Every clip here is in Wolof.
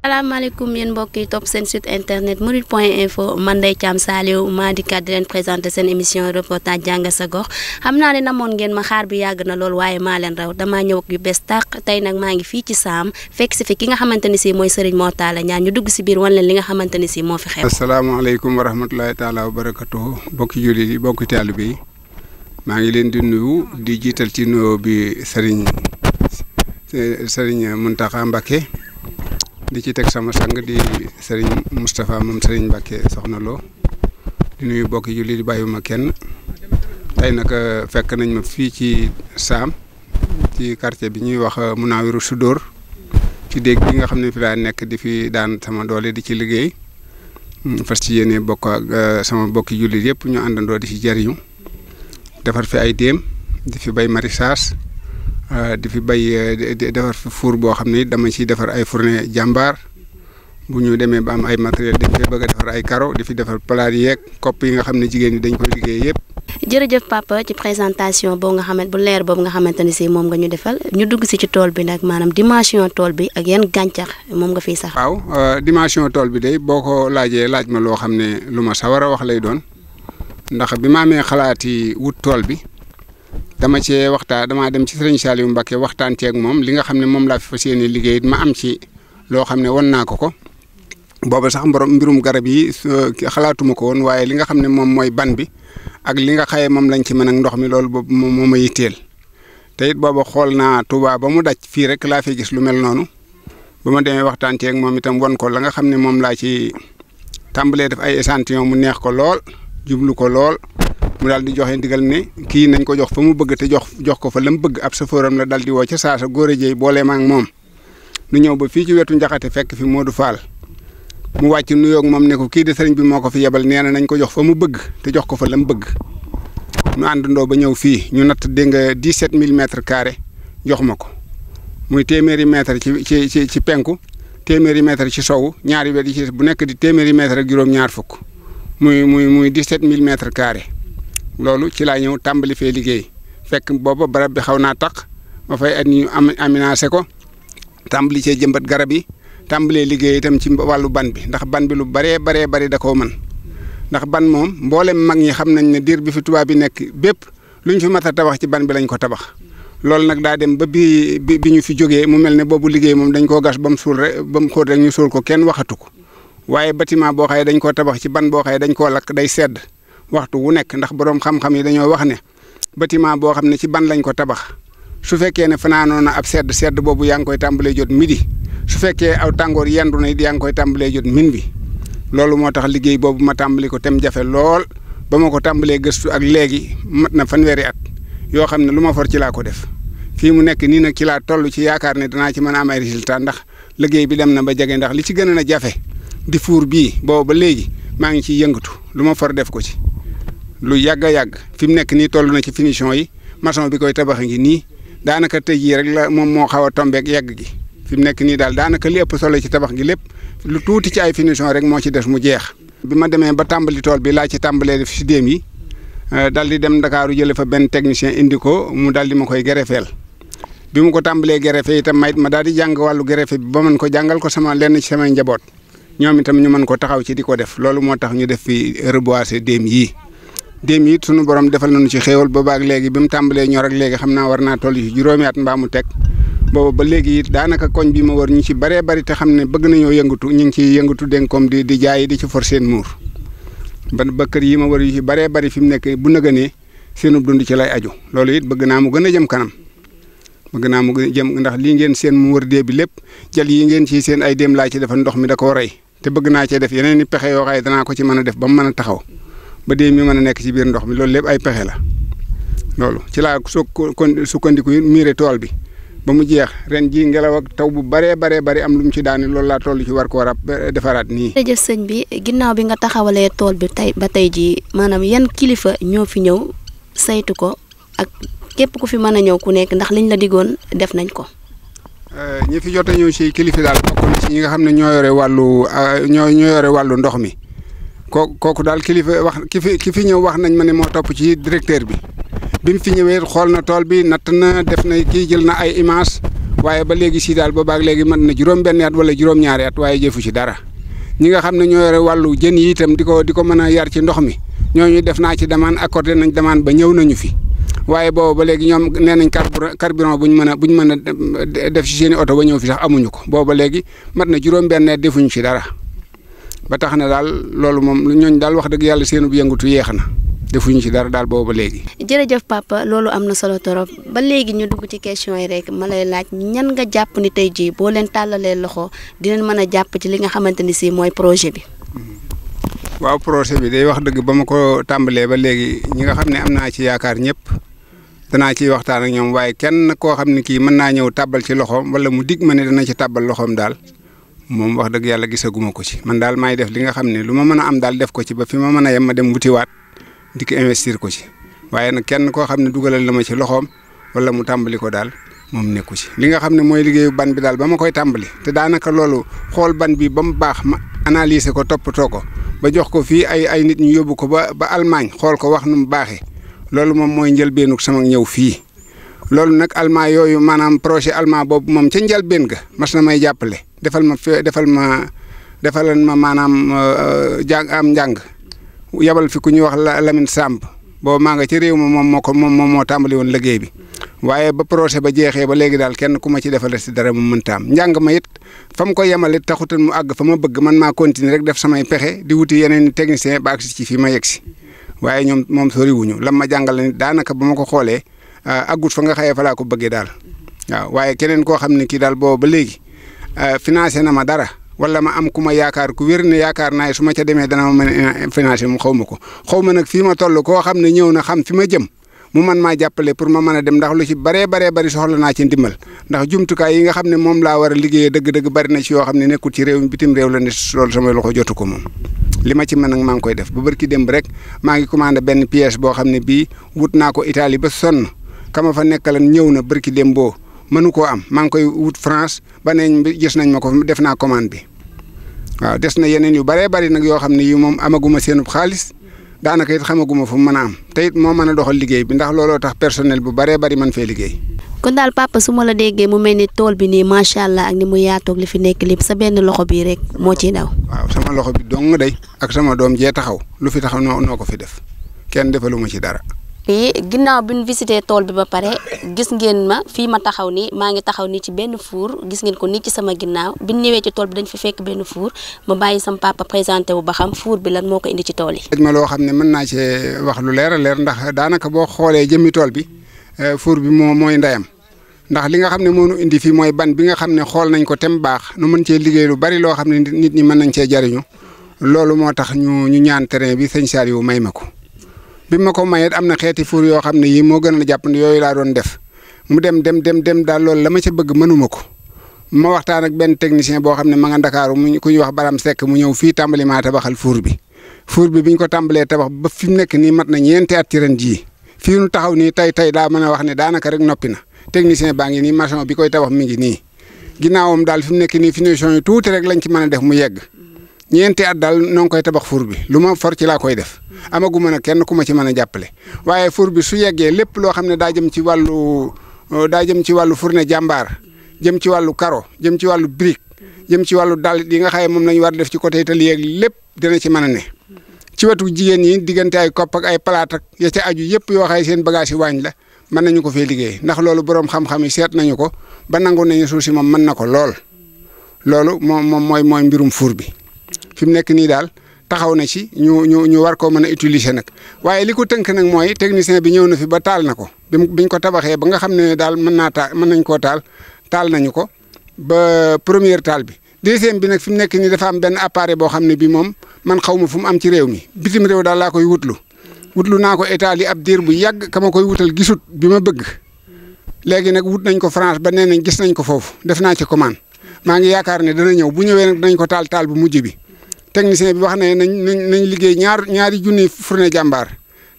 Assalamualaikum, Yen mbok yi top sen site internet mourid.info point info man Ndeye Thiam Saliou maa dikkaat di len présenté sen émission reportage jàng sa gox xamna naa ne namoon ngeen ma xaar bi yag na lol waye ma len raw dama ñew ak yu bes tak tay nak ma ngi fi ci sam fek ci fi ki nga xamanteni si Serigne ñaan ñu dugg ci bir wan len li nga xamanteni si fi xew. assalamualaikum warahmatullahi taala wabarakatuh, mbok bokki Boki yi bokki taalibe yi ma ngi len di nuyu di jital ci nuyu bi Serigne Serigne muntaka mbake di ci tek sama sang di Serigne mustapha mom Serigne Mbacké Soxna Lo di nuyu bokk julli di bayuma kenn tay nak euh, fekk nañ ma fi ci sam ci quartier bi ñuy wax euh, Munawiru sudor ci deg bi nga xamne fi la nek di fi daan sama doole di ci liggey hmm, fas ci yene bokk euh, sama bokk julli yep ñu andando di ci jariñu defar fi ay dem di fi bay marissage Euh, di fi bay euh, defar four bo xamni dama ci defar ay fourné jambar bu ñu démé ba am ay matériel dañ fi bëgg defar ay carreau di fi defar plaat yeeg kopp yi nga xamni jigéen ni dañ ko liggéey yëpp jërëjëf papa ci présentation bo nga xamante bu leer boobu nga xamante ne si moom nga ñu defal ñu dugg ci ci tool bi nak manam dimension tool bi ak yeen gantax mom nga fi sax waaw euh, dimension tool bi day boko laajé laaj ma lo xamné luma sawara wax lay doon ndax bi ma amee xalaat wut tool bi dama cee waxtaan damaa dem ci sëriñ Saliou Mbacke waxtaan ceeg moom li nga xam ne moom laa fi fas yéene liggéey it ma am ci loo xam ne wan naa ko ko booba sax borom mbirum garab yi xalaatuma ko woon waaye li nga xam ne moom mooy ban bi ak li nga xaye moom lañ ci mën ak ndox mi loolu boobu moom moo ma yitteel te it booba xool naa Touba ba mu daj fii rek laa fay gis lu mel noonu ba ma demee waxtaan ceeg moom itam wan ko la nga xam ne moom laa ci tàmbalee def ay échantillon mu neex ko lool jublu ko lool mu daal di joxe ndigal ne kii nañ ko jox fa mu bëgg te jox jox ko fa la mu bëgg ab safooram la dal di woo ca saasa góor a jéy booleem ak moom nu ñëw ba fii ci wetu njaxate fekk fi Modou Fall mu wàcc nuyoog moom ne ko kii de sëriñ bi moo ko fi yebal nee na nañ ko jox fa mu bëgg te jox ko fa la bëgg nu àndandoo ba ñëw fii ñu natt dégg nga 17 000 mètres carrés jox ma ko muy téeméeri mètre ci ci ci ci penku téeméeri mètre ci sow ñaari wet yi ci bu nekk di téeméeri mètre fukk muy muy muy 17 000 mètres carrés loolu ci laa ñëw tàmbali fee liggéey fekk boobu barab bi xaw naa taq ma fay at ñu am aménagé ko tàmbali cee jëmbat garab yi tàmbalee liggéey itam ci wàllu ban bi ndax ban bi lu baree baree bari da koo man ndax ban moom mboolem mag ñi xam nañ ne diir bi fi tubaab bi nekk bépp lu ñu fi mat a tabax ci ban bi lañ ko tabax. loolu nag daa dem ba bi bi ñu fi jógee mu mel ne boobu liggéey moom dañ koo gas ba mu suul rek ba mu xóot rek ñu suul ko kenn waxatu ko waaye bâtiment boo xaye dañ koo tabax ci ban boo dañ koo lakk day sedd. waxtu wu nekk ndax borom xam-xam yi dañoo wax ne bâtiment boo xam ne ci ban lañ ko tabax su fekkee ne fanaanoon na ab sedd sedd boobu yaa ngi koy tàmbalee jot midi su fekkee aw tàngoor yandu na it yaa ngi koy tàmbalee jot min bi loolu moo tax liggéey boobu ma tàmbali ko tem jafe lool ba ma ko tàmbalee gëstu ak léegi mat na fan weeri at yoo xam ne lu ma for ci laa ko def fii mu nekk nii nag ci laa toll ci yaakaar ne danaa ci mën a am ay résultat ndax liggéey bi dem na ba jege ndax li ci gën a jafe di fuur bii boobu ba léegi maa ngi ciy yëngatu lu ma for def ko ci. lu yàgg a yàgg fi mu nekk nii toll na ci finition yi maçon bi koy tabax ngi nii daanaka tey jii rek la moom moo xaw a tombeek yàgg gi fi mu nekk nii daal daanaka li solo ci tabax gi lépp lu tuuti ci ay finition rek moo ci des mu jeex. bi ma demee ba tàmbali tool bi laa ci tàmbalee def si déem yi euh, dal di dem Ndakaaru jële fa benn technicien indi ko mu dal di ma koy gerefeel bi mu ko tàmbalee gerefe itam may ma daal di jàng wàllu gerefe bi ba mën ko jàngal ko sama lenn ci njaboot ñoom itam ñu mën ko taxaw ci di ko def loolu moo tax ñu def fi reboiser déem yii. déem it sunu borom defal na nañu ci xéewal booba léegi bi mu tàmbalee ñor ak léegi xam naa war naa toll ci juróomi at mbaa mu teg boobu ba léegi it daanaka koñ bi ma war ñu ci baree bari te xam ne bëgg nañoo yëngatu ñu ngi ciy yëngatu dénkoom di di jaay di ci for seen muur ban ba kër yi ma war yu baree bari fi mu nekk bu nëgënee seenub dundu ci lay aju loolu it bëgg naa mu gën a jëm kanam bëgg naa mu gën a jëm ndax lii ngeen seen mu wër dee bi lépp jal yi ngeen ci seen ay déem laa ci defal ndox mi da koo rey te bëgg naa cee def i pexe yoo xam danaa ko ci mën a def ba mu mën a taxaw ba dee mi mën a nekk ci biir ndox mi loolu lépp ay pexe la loolu ci laa su kon sukkandiku miire tool bi ba mu jeex ren jii ngelaw ak taw bu baree baree bari am lu mu ci daani loolu laa toll ci war ko rab defaraat nii. jërëjëf sëñ bi ginnaaw bi nga taxawalee tool bi tey ba tey jii maanaam yan kilifa ñoo fi ñëw saytu ko ak képp ku fi mën a ñëw ku nekk ndax liñ la diggoon def nañ ko. Eh, ñi fi jot a ñëw si kilifa daal bokk na ci ñi nga xam ne ñoo yore wàllu eh, ñoo ñoo yore wàllu ndox mi. koo kooku daal kilifa wax ki fi ki fi ñëw wax nañ ma ne moo topp ci directeur bi bi mu fi ñëwee xool na tool bi natt na def na kii jël na ay image waaye ba léegi sii daal boobaag léegi mën na juróom-benn wala juróom at waaye jëfu ci dara ñi nga xam ne ñoo yore wàllu jën yi di ko di ko mën a yar ci ndox mi ñooñu def naa ci demande accordé nañ demande ba ñëw nañu fi waaye boobu ba léegi ñoom nee nañ carburant bu ñu mën a bu mën a def ci seen oto ba ñëw fi sax amuñu ko boobu ba léegi mat na juróom-benn at defuñu ci dara ba tax na daal loolu moom ñooñ daal wax dëgg yàlla bu yëngatu yeex na defuñu ci dara daal boobu ba léegi. jërëjëf papa loolu am na solo torop ba léegi ñu dugg ci question yi rek ma lay laaj ñan nga jàpp ni tey jii boo leen tàllalee loxo dinañ mën a jàpp ci li nga xamante ni si mooy projet bi. Mm-hmm. waaw projet bi day wax dëgg ba ma ko tàmbalee ba léegi ñi nga xam ne am naa ci yaakaar ñëpp danaa ci waxtaan ak ñoom waaye kenn koo xam ne kii mën naa ñëw tàbbal ci loxoom wala mu dig ma ne dana ci tàbbal loxoom daal mom wax deug yalla gisaguma ko ci man dal may def li nga xamne luma meuna am dal def ko ci ba fi ma mën ma dem wuti wat ko investir ko ci waye nak kenn ko xamne dugalal lama ma ci loxom wala mu tambali ko dal mom neeku ci. li nga xamne moy liggey ban bi dal bama koy tambali te danaka lolu xol ban bi bam bax ma analyser ko toppatoo ko ba jox ko fi ay ay nit ñu yobbu ko ba ba Allemagne xol ko wax nu mu lolu mom moy mooy benuk sama ñew fi lolu nak manam yoyu manam projet allemand boobu moom ca ga mas na may jappalé defal ma fe defal ma defal ma maanaam euh, euh, jàng am njàng yabal fi ku ñuy wax la Lamine Samb boo maa nga ci réew ma moom moo ko moom moo tàmbali woon liggéey bi waaye ba projet ba jeexee ba léegi daal kenn ku ma ci defal si dara mu mënta am njàng ma it fa ko yemalit taxutal mu àgg fa ma bëgg man maa continuer rek def samay pexe di wuti yeneen technicien ba agsi ci fii ma yegg si waaye ñoom moom soriwuñu lam ma jàngale nit daanaka ba ma ko xoolee agut euh, fa nga xëyee fa laa ko bëggee daal waaw waaye keneen koo xam ne kii daal boobu ba léegi Euh, financé na ma dara wala ma am ku ma yaakaar ku wér ne yaakaar naa su ma ca demee dana ma mën a financé mu xaw ma ko xaw ma nag fii ma toll koo xam ne ñëw na xam fi ma jëm. mu man maa jàppale pour ma mën a dem ndax lu ci baree baree bari soxla naa ci ndimbal ndax jumtukaay yi nga xam ne moom laa war a liggéeyee dëgg-dëgg ci yoo xam ne nekkul ci réew mi bitim réew la ne loolu sama loxo jotu ko moom. li ma ci mën nag maa ngi koy def bu barki démb rek maa ngi commandé benn pièce boo xam ne bii wut ko Italie ba sonn kama fa nekkalan ñëw na barki demboo mënu koo am maa ngi koy wut France ba neñ gis nañ ma ko def naa commande bi waaw des na yeneen yu bëree bëri nag yoo xam ne yi moom amaguma seenub xaalis daanaka it xamaguma fu mu mën a am te moo mën a doxal liggéey bi ndax looloo tax personnel bu bëree bëri man fee liggéey. kon daal papa su ma la déggee mu mel ni tool bi nii macha allah ak ni mu yaatoog li fi nekk lépp sa benn loxo bii rek moo ci daw. waaw sama loxo bi dong day ak sama doom jee taxaw lu fi taxaw noo noo ko fi def kenn defaluma ci dara. bi ginnaaw bi ñu visité tool bi ba pare gis ngeen ma fii ma taxaw nii maa ngi taxaw nii ci benn fuur gis ngeen ko nit ci sama ginnaaw bi ñu ñëwee ci tool bi dañ fi fekk benn fuur ma bàyyi sama présenté wu ba xam fuur bi lan moo ko indi ci tool yi. daj ma loo xam ne mën naa cee wax lu leer a leer ndax daanaka boo xoolee jëmmi tool bi e, fuur bi moo mooy ndeyam ndax li nga xam ne moo nu indi fii mooy ban bi nga xam ne xool nañ ko tem baax nu mën cee liggéey lu bari loo xam ne nit ñi mën nañ cee jariñu loolu moo tax ñu ñu ñaan terrain bi sëñ Saliou may ma ko bi ma ko mayet am na xeeti fuur yoo xam ne yii moo gën a jàpp ne yooyu laa doon def mu dem dem dem daal lool la ma ci bëgg mënuma ko ma waxtaan ak benn technicien boo xam ne ma nga Ndakaaru mu ku ñuy wax Baram Seck mu ñëw fii tàmbali maa tabaxal fuur bi fuur bi bi ñu ko tàmbalee tabax ba fi mu nekk nii mat na ñeenti at ci ren jii fii nu taxaw nii tey tey daa mën a wax ne daanaka rek noppi na technicien baa ngi nii maçon bi koy tabax mi ngi nii ginnaawam daal fi mu nekk nii finition yi tuuti rek lañ ci mën a def mu yegg ñeenti at daal non koy tabax fuur bi lu ma for ci laa koy def amaguma nag kenn ku ma ci mën a jàppale waaye fuur bi su yeggee lépp loo xam ne daa jëm ci wàllu euh, daa jëm ci wàllu fourne jàmbaar jëm ci wàllu karo jëm ci wàllu brique jëm ci wàllu dal yi nga xaye moom lañu war def ci côté tali yeeg lépp dina ci man a ne ci wetu jigéen ñi diggante ay kopp ay palaat ak ya aju yëpp yoo xaye seen bagage yi waañ la mën nañu ko fee liggéey ndax loolu borom xam yi seet nañu ko ba nangu nañu suuf si moom mën na ko lool loolu moom moom mooy mooy mbirum fuur bi fi mu nekk nii daal taxaw na ci ñu ñu ñu war koo mën a utiliser nag waaye li ko tënk nag mooy technicien bi ñëw na fi ba taal na ko bi biñ ko tabaxee ba nga xam ne daal mën naa taal mën nañ koo taal taal nañu ko ba première taal bi. deuxième bi nag fi mu nekk nii dafa am benn appareil boo xam ne bii moom man xaw ma fu mu am ci réew mi bitim réew daal laa koy wutlu wutlu naa ko état yi ab diir bu yàgg ka ma koy wutal gisut bi ma bëgg léegi nag wut nañ ko France ba nee nañ gis nañ ko foofu def naa ci commande maa ngi yaakaar ne dana ñëw bu ñëwee nag dinañ ko taal taal bu mujj bi. technicien bi wax ne nañ nañ liggéey ñaar ñaari junniy fourné jambar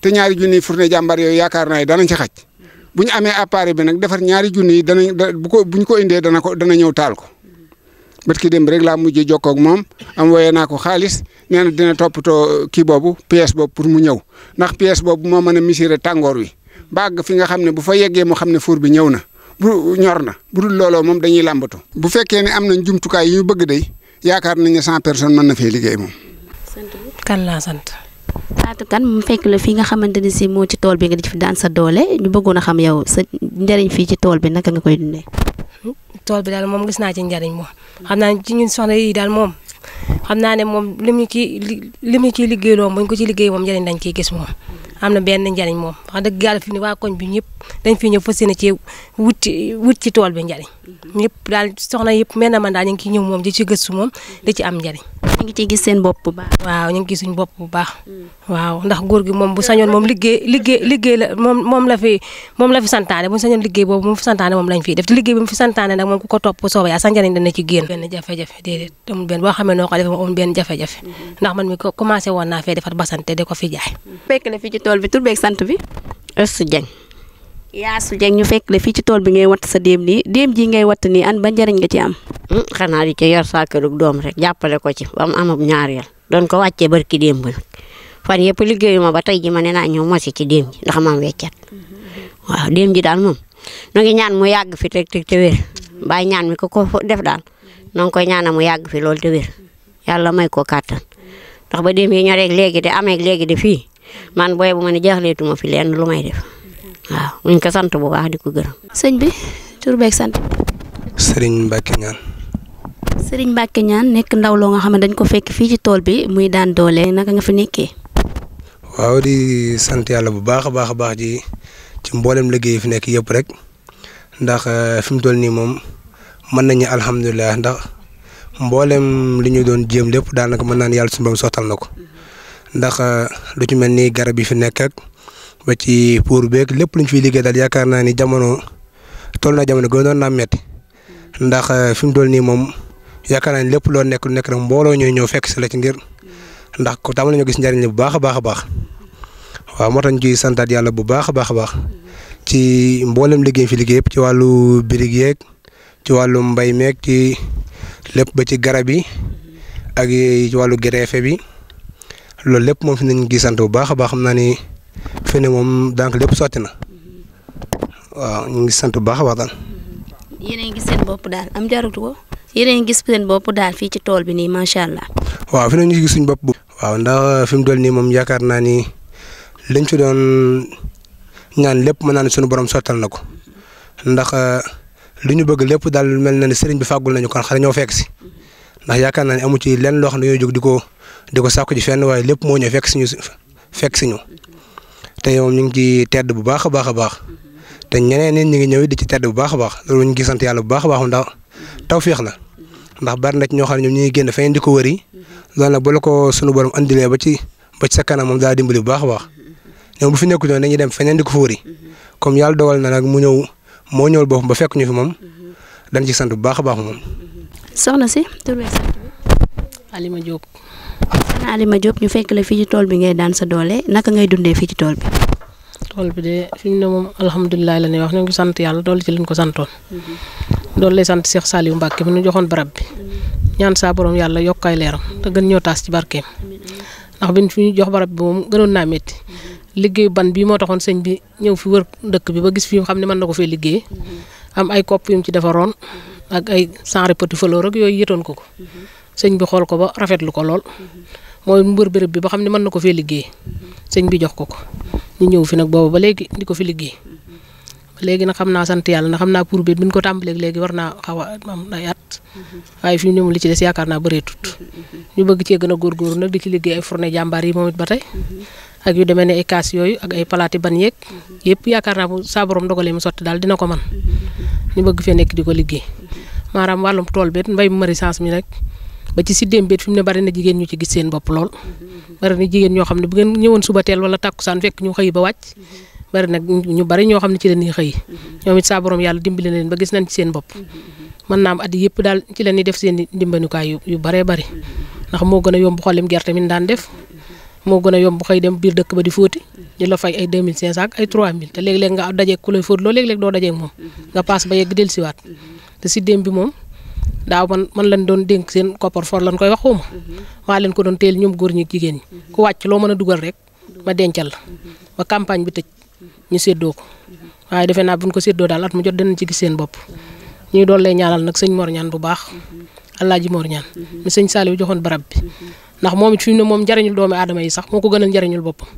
té ñaari junniy fourné jambar yooyu yaakaar naa dañ ci xaj buñ amé appareil bi nak défar ñaari junni dañ bu ko buñ ko indé dañ ko dañ ñew taal ko. bët ki dem rek la mujjé jokk ak mom am woyee naa ko xaalis dina toppatoo euh, ki bobu pièce bobu pour mu ñew nak pièce bobu mo mëna misiré tangor wi bag fi nga xamné bu fa yeggee mo xamné four bi ñew na bu ñor na bu dul lolo mom dañuy lambatu bu fekké ni am nañ kay yu bëgg day yaakaar na ñu cent personnes mën na fee liggéey moom. kan laa sant. Fatou kan mu fekk la fii nga xamante ni si moo ci tool bi nga di fi daan sa doole ñu bëggoon a xam yow sa njëriñ fii ci tool bi naka nga koy dundee. Hmm? tool bi daal moom gis naa ci njëriñ moom xam naa ci ñun soxna yi daal moom xam naa ne moom lim ñu ci lim ñu ciy liggéeyloo buñ ko ci liggéey moom njëriñ lañ ciy gis moom am na benn njëriñ moom wax dëgg yàlla fi ni waa koñ bi ñëpp dañ fi ñëw fas yéene ci wut wut ci tool bi njëriñ mm-hmm. ñëpp daal soxna yëpp mel na man daal ñu ngi ciy ñëw moom di ci gëstu di ci am njëriñ ñu ngi ciy gis seen bopp bu baax. waaw ñu ngi gis suñu bopp mm. waaw ndax góor gi moom bu sañoon moom liggéey liggéey liggéey la moom moom la fi moom la fi santaane bu sañoon liggéey boobu mu fi santaane moom lañ fiy def te liggéey bi mu fi santaane nag moom ko topp soobee yaa sa njëriñ dana ci génn. benn jafe-jafe déedéet amul benn boo xamee noo mm-hmm. man mi ko commencé woon naa fee defar basante de ko fi jaay. fekk la fi bi tur beeg sant bi. Astou Yaasu Jeng ñu fekk le fi ci tool bi ngay wat sa dem ni dem ji ngay wat ni an banjaring jarign nga ci am hmm, xana di ci yor sa kërug dom rek jappale ko ci am ak ñaar ñaareel don ko wacce barki déem ba nag fan yëpp liggéeyuma ba tay ji mané na naa ñëw ci ci dem ji ndax ma wéccat waaw dem ji dal mom no ngi ñaan mu yàgg fi tek tek te wér bay ñaan mi ko ko def dal no koy ñaanam mu yag fi lol te wér yalla may ko katan ndax ba dem yi ñoreeg léegi de ak léegi de fi man boy bu ma ne ma fi lén lu may def waaw ñu ko sant bu baax di ko gërëm. sëñ bi tur beeg sant. sëriñ Mbacke ñaan. nekk ndaw loo nga xam ne dañ ko fekk fii ci tool bi muy daan doole naka nga fi nekkee. waaw di sant yàlla bu baax a baax a baax ji ci mboolem liggéey fi nekk yëpp rek ndax eh, fi mu toll nii moom mën nañu alhamdulilah ndax mboolem li ñu doon jéem lépp daanaka mën naa naan yàlla suñu borom sottal na ko ndax eh, lu ci mel ni garab yi fi nekk ba ci pour beeg lépp ñu fiy liggéey daal yaakaar naa ni jamono toll na jamono gënoon naa metti ndax euh, fi mu toll nii moom yaakaar naa ni lépp loo nekk lu nekk rek mbooloo ñooy ñëw fekk si la ci ngir ndax ko tam la gis njariñ li bu baax a baax a baax waaw moo tax ñu santaat yàlla bu baax a baax a baax ci mboolem liggéey fi liggéey ci wàllu birig ci wàllu mbay meeg ci lépp ba ci garab yi ak ci wàllu greffe bi loolu lépp moom fi nañ gis sant bu baax a baax xam naa ni fi moom donc lépp sotti na waaw ñu ngi sant bu baax a baax daal. yéen a ngi seen bopp daal am jarutu ko yéen a ngi gis seen bopp daal fii ci tool bi nii macha allah. waaw fi ne ñu ngi gis suñu bopp bu. waaw ndax fi mu dool nii moom yaakaar naa ni liñ fi doon ñaan lépp mën naan ne suñu borom sottal na ko ndax eh, lu ñu bëgg lépp daal mel na ne sëriñ bi fàggul nañu kon xare ñoo fekk si ndax yaakaar naa ne amu ci lenn loo xam ne dañoo jóg di ko di ko sàkku ci fenn waaye lépp moo ño fekk si ñu fekk si te moom ñu ngi ci tedd bu baax a baax a baax te ñi ngi ñëw di ci tedd bu baax a baax loolu ñu ngi sant yàlla bu baax a baax ndax tawféex la ndax bari na ci ñoo xam ne ñoom ñu ngi génn feneen di ko wëri loolu ko sunu borom andilee ba ci ba ci sa kanam moom daa dimbali bu baax a baax ñoom bu fi nekkul noonu dañuy dem feneen di ko fa wëri comme dogal na nag mu ñëw moo ñëwal boppam ba fekk ñu fi moom dañ ci sant bu baax a baax moom. soxna si tur beeg sant bi Alima Diop naa li ma jóg ñu fekk la fii ci tool bi ngay daan sa doole naka ngay dundee fii ci tool bi. tool bi de fi mu ne moom alhamdulilah la ñuy wax ñu ngi sant yàlla doole ci liñ ko santoon. Mm-hmm. doole lay sant seex Saliou Mbacke mi ñu joxoon barab bi. Mm-hmm. ñaan saa borom yàlla yokkaay leeram te gën ñoo taas ci barkeem. Mm-hmm. ndax bi fi ñu jox barab bi moom gënoon naa métti. liggéey ban bii moo taxoon sëñ bi ñëw fi wër dëkk bi ba gis fi mu xam ne mën na ko fee liggéey. am ay kopp yu ci defaroon. ak ay sans petit fleur yooyu yëtoon ko ko. sëñ bi xool ko ba rafetlu ko lool mooy mbër béréb bi boo xam ne mën na ko fee liggéey sëñ bi jox ko ko ñu ñëw fi nag boobu ba léegi di ko fi liggéey léegi nag xam naa sant yàlla na xam naa pour bi ñu ko tàmbalee léegi war naa xaw a am ay at waaye fi ñu ne li ci des yaakaar naa bëree ñu bëgg cee gën a góorgóorlu nag di ci liggéey ay fourne jàmbaar yi moom it ba tey ak yu demee ne ay kaas yooyu ak ay palaati ban yeeg yëpp yaakaar naa bu saa borom mu sotti daal dina ko man ñu bëgg fee nekk di ko liggéey maanaam wàllum tool bi mbay maraîchage mi rek ba ci siddéem bi fi ne bari na jigéen ñu ci gis seen bopp lool bari na ñoo xam ne bu ngeen ñëwoon suba teel wala tàkkusaan fekk ñu xëy ba wàcc bari nag ñu bari ñoo xam ne ci la ñuy xëy ñoom it saa borom yàlla dimbali na leen ba gis nañ ci seen bopp mën naa am at yëpp daal ci la ñuy def seen dimbanukaay yu yu baree bari ndax moo gën a yomb xollim gerte mi daan def moo gën a yomb xëy dem biir dëkk ba di fóoti ñu la fay ay 2500 ak ay 3000 te léeg-léeg nga dajee ku lay moom nga paas ba yegg dellusiwaat te siddéem bi moom daaw man man lañ doon dénk seen koppar for lañ koy wax xuma mhm. maa leen ko doon teel ñoom góor ñi jigéen ñi mhm. ku wàcc loo mën a dugal rek ma dencal la mhm. ba campagne bi tëj ñu séddoo ko waaye defe naa buñ ko séddoo daal at mu jot dinañ ci gis seen bopp ñuy doon lay ñaanal nag sëñ Mor ñaan bu baax Alaaji Mor ñaan mi sëñ Saliou joxoon barab bi ndax moom it fi mu ne moom njariñul doomi aadama yi sax moo ko gënal njariñul boppam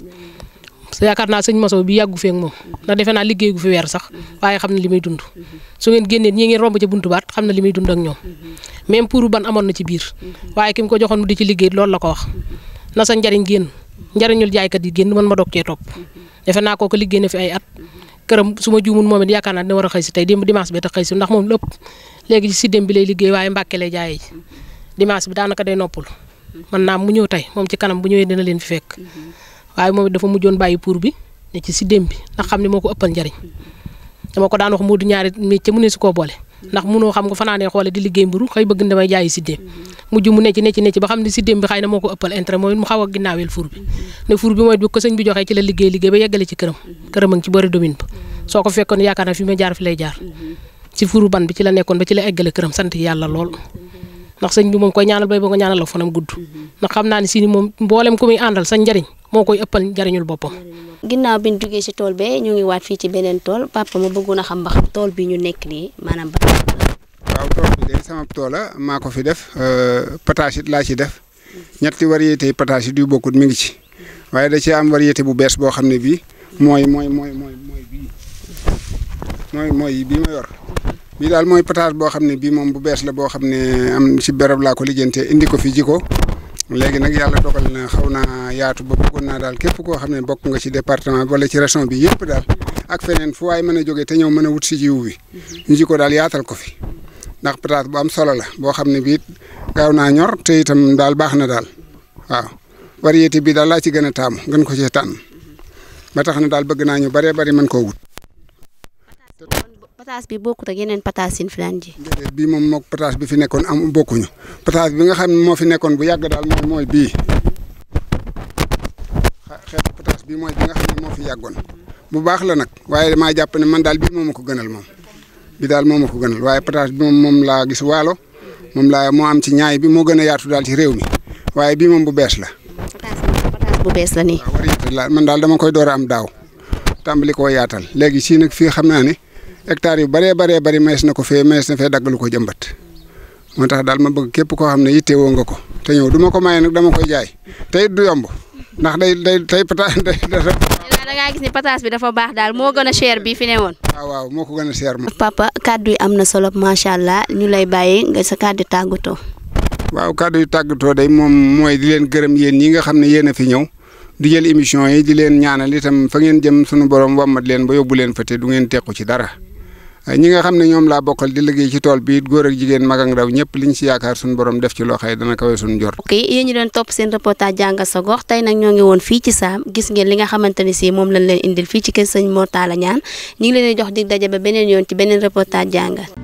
yaakaar naa sëñ Masow bi yàggu fek mom mm-hmm. da defena liggey gu fi wer sax waye xamna na dund mm-hmm. su ngeen génnee ñi ngi romb ci buntu baat xamna na dund ak ñom mm-hmm. même pour ban amon na ci biir waye kim ko joxon mu di ci liggey lool la ko wax na sa njariñ ndariñul jaay kat di génn man ma dok ci top defena ko ko liggey na fi ay at kërëm suma ma momit moom it wara xey ci tay a dimanche bi ta xey ci ndax mom lepp legi ci sidem bi lay liggey waye mbacke lay jaay dimanche bi naka day noppul man na mu ñew tay mom ci kanam bu ñewé dina leen fi fek waaye moom it dafa mujjoon bàyyi pour bi ne ci si démb bi ndax xam ne moo ko ëppal njariñ mu ne su koo boole ndax munoo xam nga fanaanee xoole di liggéey mburu xëy bëgg damay jaayi siddéem mujj mu necc necc necc ba xam ne siddéem bi na moo ko ëppal intérêt a ginnaaweel fuur bi la liggéey liggéey ba yeggale ci këram këram a ngi ci boori domine lay jaar si fuuru bi ci la nekkoon ba ci la eggale këram sant yàlla lool ndax sëñ bi mom koy ñaanal bay bo nga ñaanal la fonam gudd ndax xamna ni moom mboolem ku muy andal sa ndariñ mo koy ëppal ndariñul bopam ginnaw bi duggé ci tol bé ñu ngi waat fi ci benen tol papa ma bëggoon a xam mbax tol bi ñu nekk ni manam ba waaw tol bi dé sama tool la maa fi def euh it la ci def ñetti variété yi mi ngi ci waye da ci am variété bu bees bo xamné ne moy moy moy moy moy bi moy moy bi ma yor bii daal mooy pataas boo xam ne bii moom bu bees la boo xam ne am si béréb laa ko lijjantee indi ko fi jiko ko léegi nag yàlla dogal na xaw naa yaatu ba bëggoon naa daal képp koo xam ne bokk nga ci département wala ci région bi yëpp daal ak feneen fu waay mën a jógee te ñëw mën a wut si jiw wi ñu ji ko daal yaatal ko fi ndax pataas bu am solo la boo xam ne bii gaaw naa ñor te itam daal baax na daal waaw variété bi daal laa ci gën a taamu gën ko cee tànn ba tax na daal bëgg naa ñu baree bari mën koo patas bi bokut ak yenen patas yi filaan ji. bi mom mok patas bi fi nekkon am bokkuñu patas bi nga xam mo fi nekkon bu yag dal mooy moy bi xet patas bi moy bi nga xam mo fi yagone bu bax la nak waye damaa japp ne man dal bi momako gënal mom bi dal momako gënal waye patas bi mom mom la gis walo mom la mo am ci ñaay bi mo gëna yaatu dal ci réew mi waaye bii bu bes la. bu bes la ni man dal dama koy doora am daw tambali ko yaatal legi ci nak fi xamna ne hectares yu bare bare bare mais na ko fee mees na fe dagg ko jëmbat motax dal ma bëgg kep ko xamne yité wo nga ko te ñëw duma ko may nak dama koy jaay te it du yomb ndax day day tey day. da nga gis ni pataas bi dafa bax dal mo gëna cher bi fi waaw waaw moko gëna cher mo papa cadeau yi amna solo ma sha allah ñu lay bayé nga sa cadeau taguto waaw cadeau yu taguto day mom moy di leen gërëm yeen yi nga xamne ne fi ñew di jël émission yi di leen ñaanal itam fa ngeen jëm suñu borom wamat leen ba yobul leen fa du ngeen téxu ci dara ñi nga xam ne ñoom laa bokkal di liggéey ci tool bi góor ak jigéen mag ak ndaw ñëpp liñ ci yaakaar suñu borom def ci loo xëy dana kawe suñu jor ok yéen ñu doon topp seen reportage jàngal sa tey nag ñoo ngi woon fii ci saam gis ngeen li nga xamante ni si moom lañ leen indil fii ci kër sëñ Mor a Niane ñu ngi leen jox dig daje ba beneen yoon ci beneen reportage jànga